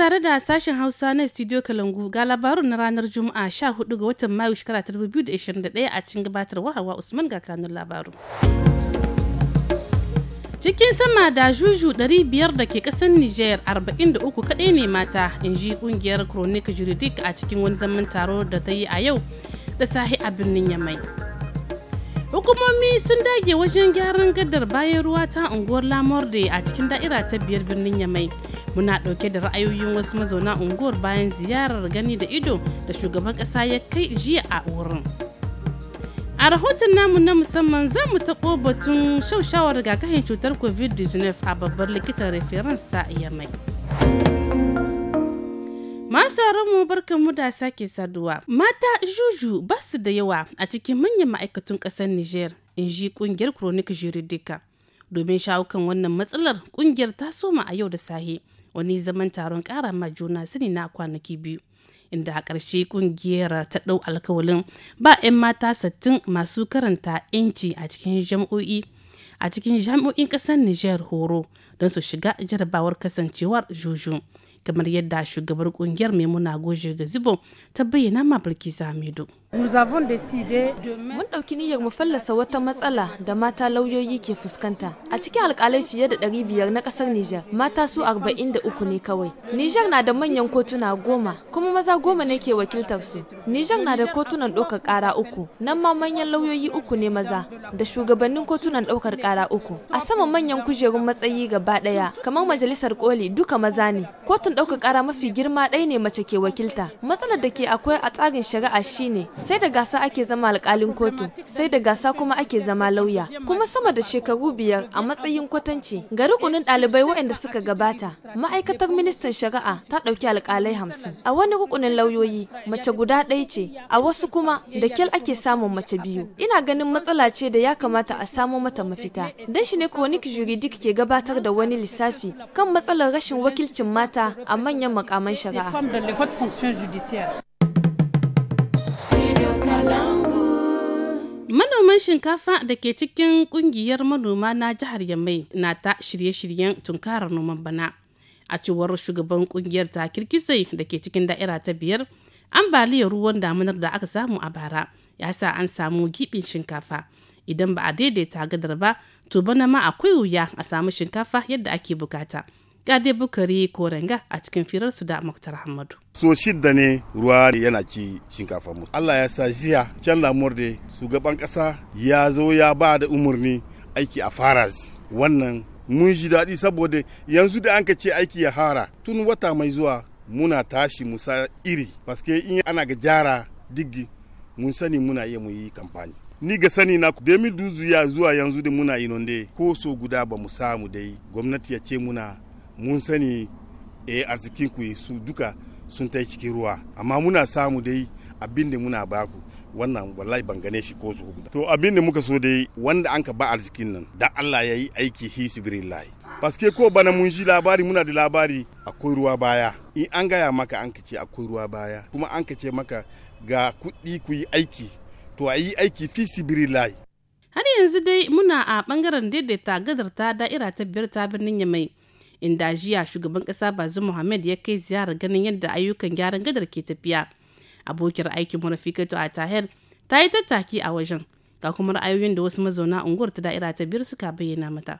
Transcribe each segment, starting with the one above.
tare da sashen Hausa na Studio Kalangu ga labarun na ranar Juma'a 14 ga watan Mayu shekara 2021 a cikin gabatarwar Hawa Usman ga kanun labaru. Cikin sama da juju 500 da ke ƙasar Nijar 43 kaɗai ne mata, in ji ƙungiyar Chronic Juridic a cikin wani zaman taro da ta yi a yau da sahi a birnin Yamai. hukumomi sun dage wajen gyaran gadar bayan ruwa ta unguwar lamorde a cikin da'ira ta biyar birnin yamai muna ɗauke da ra'ayoyin wasu mazauna unguwar bayan ziyarar gani da ido da shugaban ƙasa ya kai jiya a wurin a rahoton namu na musamman za mu taɓo batun shaushawar rigakafin cutar covid-19 a babbar likitan reference ta yamai masu mu barkan mu da sake saduwa mata juju ba su da yawa a cikin manyan ma'aikatan ƙasar niger in ji ƙungiyar chronic juridica domin shawo wannan matsalar ƙungiyar ta soma a yau da sahi wani zaman taron ƙara ma juna sani na kwanaki biyu inda a ƙarshe ƙungiyar ta ɗau alkawalin ba 'yan mata sattin masu karanta 'yanci a cikin jam'o'i a cikin jami'o'in ƙasar Nijar horo don su shiga jarabawar kasancewar juju kamar yadda shugabar ƙungiyar maimuna goje ga zibo ta bayyana ma samido. Mun ɗauki niyyar mu fallasa wata matsala da mata lauyoyi ke fuskanta. A cikin alƙalai fiye da ɗari biyar na ƙasar Nijar, mata su arba'in da uku ne kawai. Nijar na da manyan kotuna goma, kuma maza goma ne ke wakiltar su. Nijar na da kotunan ɗaukar ƙara uku, nan ma manyan lauyoyi uku ne maza, da shugabannin kotunan ɗaukar ƙara uku. A saman manyan kujerun matsayi gaba ɗaya, kamar majalisar ƙoli, duka maza ne. Kotun ɗaukar ƙara mafi girma ɗaya ne mace ke wakilta. Matsalar da ke akwai a tsarin shari'a shine sai da gasa ake zama alkalin kotu sai da gasa kuma ake zama lauya kuma sama da shekaru biyar a matsayin kwatanci ga rukunin ɗalibai waɗanda suka gabata ma'aikatar ministan shari'a ta ɗauki alkalai hamsin a wani rukunin lauyoyi mace guda ɗaya ce a wasu kuma da kyal ake samun mace biyu ina ganin matsala ce da ya kamata a samo mata mafita dan shi ne wani juridic ke gabatar da wani lissafi kan matsalar rashin wakilcin mata a manyan makaman shari'a Noman shinkafa da ke cikin kungiyar manoma na jihar Yammai na ta shirye-shiryen tunkarar noman bana. A cewar shugaban kungiyar ta kirkisai da ke cikin da'ira ta biyar, ambaliyar ruwan damunar da aka samu a bara ya sa an samu gibin shinkafa. Idan ba a daidaita gadar ba, to bana ma akwai wuya a samu shinkafa yadda ake bukata. Gade Bukari ranga a cikin su da Muktar Ahmadu. So shidda ne ruwa yana ci shinkafa mu. Allah ya sa jiya can lamur da shugaban kasa ya zo ya ba da umarni aiki a faras. Wannan mun ji daɗi saboda yanzu da an ka ce aiki ya hara tun wata mai zuwa muna tashi musa iri paske in ana ga jara diggi mun sani muna iya mu yi kamfani ni ga sani na 2012 ya zuwa yanzu da muna yi nonde ko so guda ba mu samu dai gwamnati ya ce muna mun sani arzikin eh, arzikinku su duka sun ta cikin ruwa amma muna samu dai abin da muna baku wannan wallahi ban gane shi ko su hukuta to abin da muka so dai wanda an ka ba arzikin nan da Allah ya yi aiki hisbirillah paske ko bana mun ji labari muna da labari akwai ruwa baya in an gaya maka an ka ce akwai ruwa baya kuma an ka ce maka ga kuɗi ku yi aiki to a yi aiki fi har yanzu dai muna a bangaren daidaita gadar ta da'ira ta biyar ta birnin yamai inda jiya shugaban kasa bazu muhammad ya kai ziyarar ganin yadda ayyukan gyaran gadar ke tafiya abokin aikin rafikatu a tahir ta yi tattaki a wajen ga kuma ra'ayoyin da wasu mazauna unguwar ta da'ira ta biyar suka bayyana mata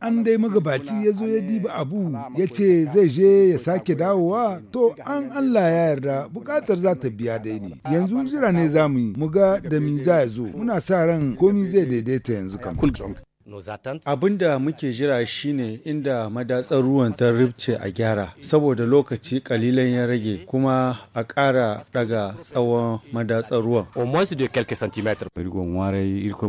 an dai magabaci ya zo ya diba abu ya ce zai je ya sake dawowa to an allah ya yarda bukatar za ta biya dai ne yanzu jira ne za mu yi mu ga da mi za ya zo muna sa ran komi zai daidaita yanzu kan Abin da muke jira shine inda madatsar ruwan ta ribce a gyara, saboda lokaci kalilan ya rage kuma a ƙara daga tsawon madatsar ruwan.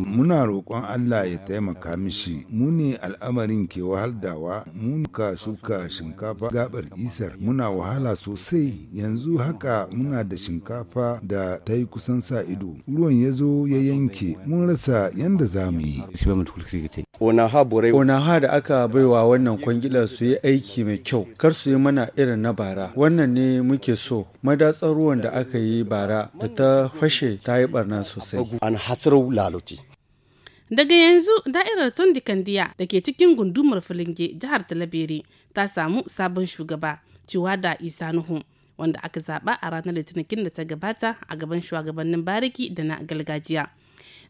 Muna roƙon Allah ya taimaka mishi, muni al'amarin ke wahaldawa, muni ka shuka shinkafa gabar isar, muna wahala sosai, yanzu haka muna da shinkafa da ta yi kusan sa ido, ruwan ya zo ya yanke, mun rasa yanda za mu yi. onaha borai onaha da aka baiwa wannan kwangilar su yi aiki mai kyau kar su yi mana irin na bara wannan ne muke so madatsar ruwan da aka yi bara da ta fashe ta yi barna sosai an hasarau laloti daga yanzu da'irar tundikandiya da ke cikin gundumar filinge jihar talabere ta samu sabon shugaba cewa da isa nuhu wanda aka zaba a ranar litinin da ta gabata a gaban shugabannin bariki da na galgajiya.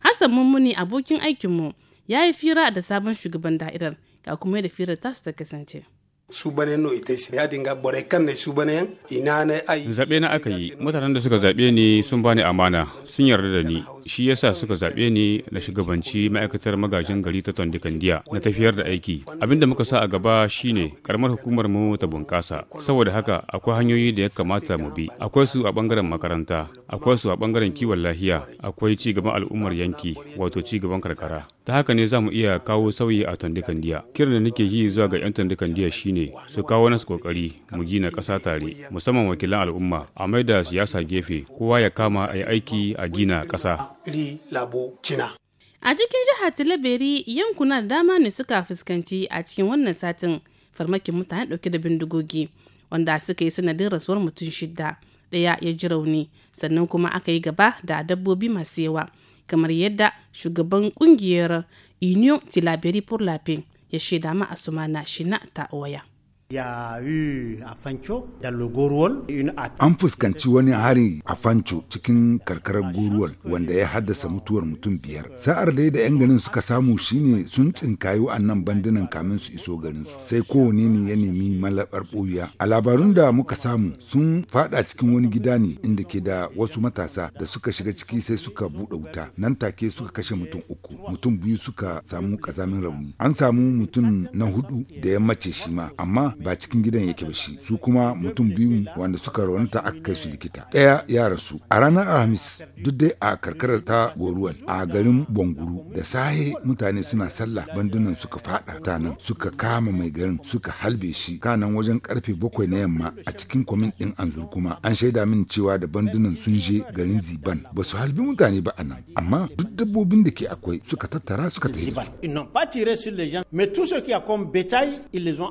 hassan mummuni abokin aikinmu ya yi fira da sabon shugaban da'irar ga kuma da firar tasu ta kasance. subane no ita shi ya dinga bore kan ne subane yan ina ne ai zabe na aka yi mutanen da suka zabe ni sun bani amana sun yarda da ni shi yasa suka zabe ni na shugabanci ma'aikatar magajin gari ta Tondikandiya na tafiyar da aiki abinda muka sa a gaba shine karamar hukumar mu ta bunkasa saboda haka akwai hanyoyi da ya kamata mu bi akwai su a bangaren makaranta akwai su a bangaren kiwon lafiya akwai ci gaban al'ummar yanki wato ci gaban karkara ta haka ne za mu iya kawo sauyi a Tondikandiya kiran da nake yi zuwa ga 'yan Tondikandiya shine ne su kawo nasu kokari mu gina ƙasa tare musamman wakilan al'umma a maida siyasa gefe kowa ya kama a yi aiki a gina ƙasa. A cikin jihar Tilaberi yankuna da dama ne suka fuskanci a cikin wannan satin farmakin mutane ɗauke da bindigogi wanda suka yi sanadin rasuwar mutum shida ɗaya ya ji rauni sannan kuma aka yi gaba da dabbobi masu yawa kamar yadda shugaban kungiyar union tilaberi pour la ya shaida ma asumana shina ta waya. An fuskanci wani hari a fanco cikin karkarar Goruwal wanda ya haddasa mutuwar mutum biyar. Sa'ar dai da 'yan ganin suka samu shine sun tsinkayi nan bandunan kamin su iso garin su. Sai kowane ne ya nemi malabar ɓuya. A labarun da muka samu sun fada cikin wani gida ne inda ke da wasu matasa da suka shiga ciki sai suka buɗe wuta. Nan take suka kashe mutum uku. Mutum biyu suka samu kazamin rauni. An samu mutum na hudu da ya mace shi ma amma ba cikin gidan yake ba shi su kuma mutum biyu wanda suka raunata aka kai su likita ɗaya ya rasu a ranar alhamis duk dai a karkarar ta goruwan a garin bonguru da sahe mutane suna sallah bandunan suka fada tanan suka kama mai garin suka halbe shi kanan wajen karfe bakwai na yamma a cikin kwamin ɗin anzur kuma an shaida min cewa da bandunan sun je garin ziban ba su halbi mutane ba a nan amma duk dabbobin da ke akwai suka tattara suka tafi su. Ils n'ont pas tiré sur les gens, mais tout ce qui a comme bétail, ils les ont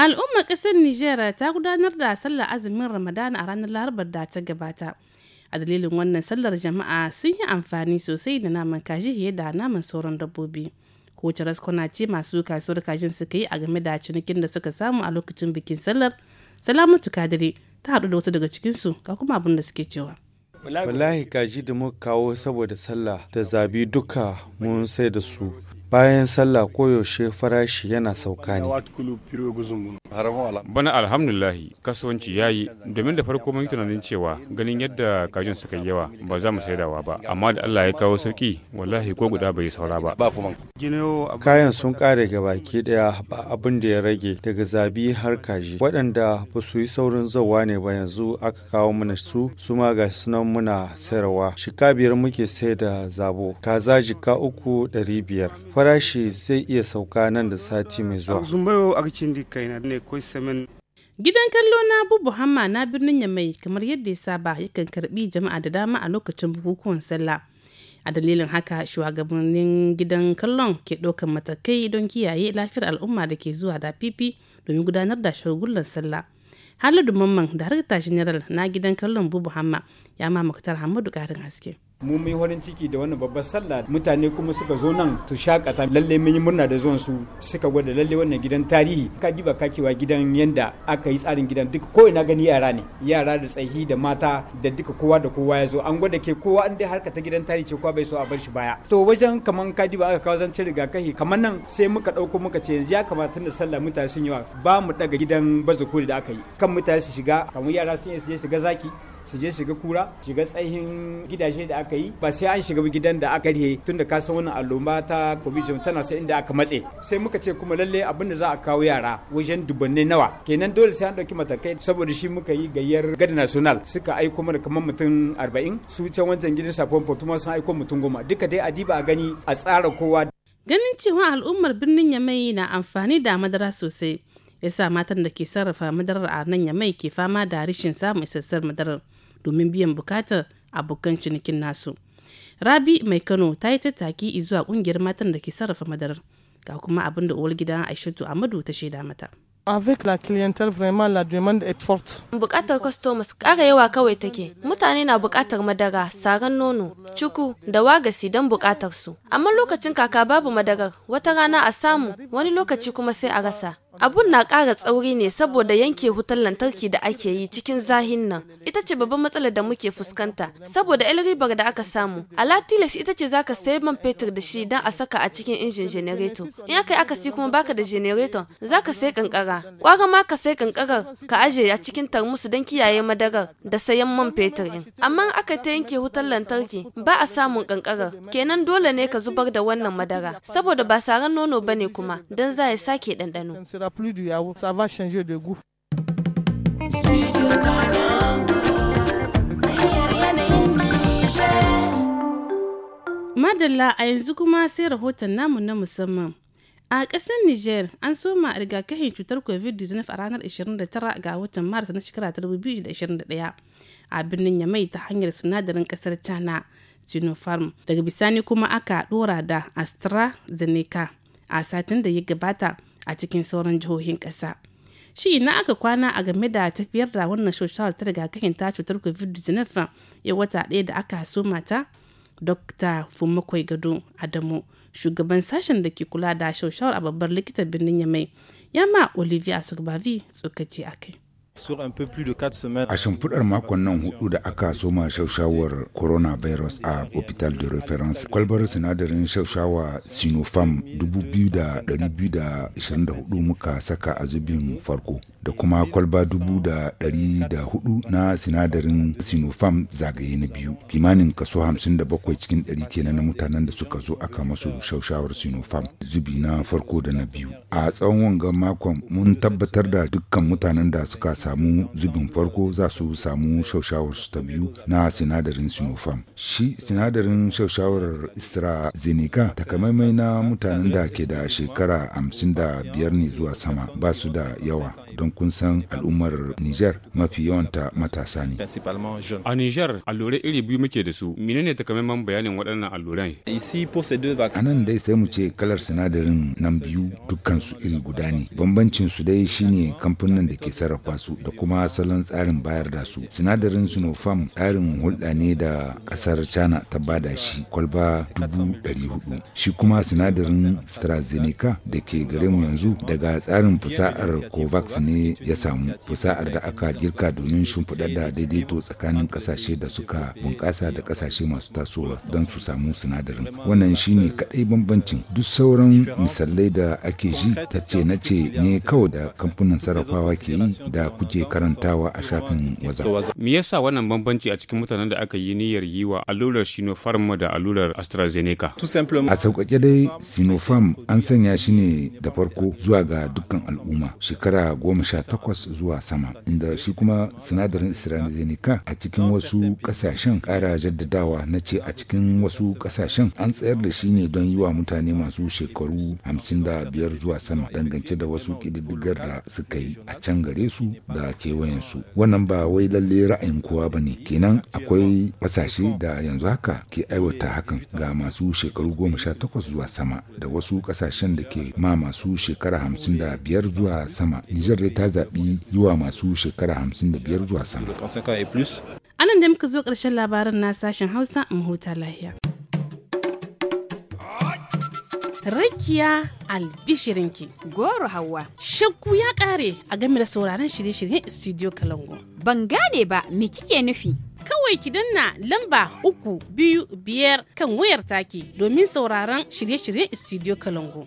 Al'ummar ƙasar Nijar ta gudanar da sallar azumin ramadan a ranar Larabar da ta gabata. A dalilin wannan sallar jama'a sun yi amfani sosai da naman kaji fiye da naman sauran dabbobi. Kowace raskwana ce masu kasuwar kajin suka yi a game da cinikin da suka samu a lokacin bikin sallar. Salamatu Kadiri ta haɗu da wasu daga cikinsu ga kuma abin da suke cewa. wallahi kaji da muka kawo saboda sallah da zabi duka mun sai da su bayan sallah koyaushe farashi yana sauka ne bana alhamdulillah kasuwanci ya yi domin da farko mun tunanin cewa ganin yadda kajin suka yi yawa ba za mu saidawa ba amma da allah ya kawo sauki wallahi ko guda bai saura ba kayan sun kare baki daya ba abin da ya rage daga zabi har kaji waɗanda ba su yi saurin zawa ne ba yanzu aka kawo mana su su ma ga sunan muna sayarwa shika biyar muke sai da zabo kaza jika uku ɗari biyar farashi zai iya sauka nan da sati mai zuwa Gidan kallo na Bubu Hamma na birnin Yamai kamar yadda ya saba yakan karbi jama'a da dama a lokacin bukukuwan sallah. A dalilin haka shugabannin gidan kallon ke ɗaukar matakai don kiyaye lafiyar al'umma da ke zuwa da fifi domin gudanar da shagulan sallah. Halidu Mamman, Darakta General na gidan kallon Bubu Hamma, ya mamakutar Hamadu ƙarin haske. mu muyi horin ciki da wannan babbar sallah mutane kuma suka zo nan su shakata lalle mun yi murna da zuwan su suka gwada lalle wannan gidan tarihi ka diba kakewa gidan yanda aka yi tsarin gidan duka ko ina gani yara ne yara da tsahi da mata da duka kowa da kowa ya zo an gwada ke kowa an dai harka ta gidan tarihi ce kowa bai so a bar shi baya to wajen kaman ka diba aka kawo zancen rigakafi kaman nan sai muka dauko muka ce yanzu ya kamata na sallah mutane sun yawa ba mu daga gidan bazukuri da aka yi kan mutane su shiga kamar yara sun iya shiga zaki su je shiga kura shiga tsayin gidaje da aka yi ba sai an shiga gidan da aka rihe tun da kasan wannan alloma ta covid tana so inda aka matse sai muka ce kuma lalle abin da za a kawo yara wajen dubanne nawa kenan dole sai an dauki matakai saboda shi muka yi gayyar gada national suka aiko mana kamar mutum arba'in su can wancan gidan safon portuma sun aiko mutum goma duka dai adiba a gani a tsara kowa ganin cewa al'ummar birnin yamai na amfani da madara sosai yasa matan da ke sarrafa madarar a nan yamai ke fama da rashin samun isassar madarar domin biyan bukatar abokan cinikin nasu rabi mai kano ta yi tattaki zuwa kungiyar matan da ke sarrafa madarar ga kuma abin da uwar gidan aishatu amadu ta shaida mata avec la clientèle vraiment la demande est forte. Bukatar customers kara yawa kawai take. Mutane na bukatar madara, saran nono, cuku da wagasi don bukatar su. Amma lokacin kaka babu madarar, wata rana a samu, wani lokaci kuma sai a rasa. Abun na ƙara tsauri ne saboda yanke wutar lantarki da ake yi cikin zahin nan. Ita ce babban matsalar da muke fuskanta saboda el ribar da aka samu. Ala tilas ita ce zaka sayi man fetur da shi don a saka a cikin injin janareto. In aka yi akasi kuma baka da janareton zaka sai kankara. Kwara ma ka sai kankarar ka aje a cikin tarmusu don kiyaye madarar da sayan man fetur din. Amma aka ta yanke wutar lantarki ba a samun kankarar. Kenan dole ne ka zubar da wannan madara saboda ba saran nono bane kuma don za ya sake ɗanɗano. sera plus du yaourt. Ça va changer de goût. Madalla a yanzu kuma sai rahoton namu na musamman. A ƙasar Nijar an soma rigakafin cutar COVID-19 a ranar 29 ga watan Maris na shekara 2021 a birnin Yamai ta hanyar sinadarin ƙasar China Sinopharm. Daga bisani kuma aka ɗora da AstraZeneca a satin da ya gabata. a cikin sauran jihohin ƙasa. Shi na aka kwana a game da tafiyar da wannan shawarar ta daga rigakafin ta cutar COVID-19 ya wata ɗaya da aka soma mata Dr. Fumakwai Gado Adamu, shugaban sashen da ke kula da shawarar a babbar likitan birnin Yamai, Yama Olivia Sugbavi tsokaci a kai. A shimfiɗar makon nan hudu da aka soma shaushawar coronavirus a hospital de reference kwalbar sinadarin shaushawa sinopharm 2,224 muka saka a zubin farko da kuma kwalba 1,400 na sinadarin sinopharm zagaye na biyu kimanin kaso 57 cikin 100 kenan na mutanen da suka zo aka masu shaushawar sinopharm zubi na farko da na biyu a tsawon wangan makon mun tabbatar da dukkan mutanen da suka sa samu zubin farko za su samu shaushawar su ta biyu na sinadarin sinopharm shi sinadarin shaushawar astrazeneca takamaimai na mutanen da ke da shekara hamsin da biyar ne zuwa sama ba su da yawa don kun san al'ummar niger mafi yawanta matasa ne a niger allurai iri biyu muke da su menene takamaiman bayanin waɗannan alluran a nan dai sai mu ce kalar sinadarin nan biyu dukkansu iri guda ne bambancin su dai shine kamfanin da ke sarrafa su da kuma salon tsarin bayar da su sinadarin sinopharm tsarin hulɗa ne da ƙasar china ta bada shi kwalba 400 shi kuma sinadarin strazeneca da ke gare mu yanzu daga tsarin fusa'ar covax ne ya samu fusa'ar da aka girka domin shimfiɗar da daidaito tsakanin ƙasashe da suka bunƙasa da ƙasashe masu tasowa don su samu sinadarin wannan shi ne kaɗai bambancin duk sauran misalai da ake ji ta ce na ce ne kawai da kamfanin sarrafawa ke yi da kuke karantawa a shafin waza. Me yasa wannan bambanci a cikin mutanen da aka yi niyyar yi wa allurar Sinopharm da allurar AstraZeneca? A sauƙaƙe dai Sinopharm an sanya shi ne da farko zuwa ga dukkan al'umma shekara goma sha takwas zuwa sama inda shi kuma sinadarin AstraZeneca a cikin wasu ƙasashen ƙara jaddadawa na ce a cikin wasu ƙasashen an tsayar da shi ne don yi wa mutane masu shekaru hamsin da biyar zuwa sama dangance da wasu ƙididdigar da suka yi a can gare su da kewayensu wannan ba wai lalle ra'ayin kowa ba ne kenan akwai ƙasashe da yanzu haka ke aiwata hakan ga masu shekaru goma sha takwas zuwa sama da wasu ƙasashen da ke ma masu shekara hamsin da biyar zuwa sama nijar dai ta zaɓi yi wa masu shekara hamsin da biyar zuwa sama anan da muka zo ƙarshen labaran na sashen hausa mu huta lahiya Rakiya albishirinki. Goro Hauwa. Shakku ya kare a game da sauraron shirye-shiryen Studio Kalango. Ban gane ba me kike nufi? Kawai ki danna lamba uku biyu biyar kan wayar take domin sauraron shirye-shiryen Studio Kalango.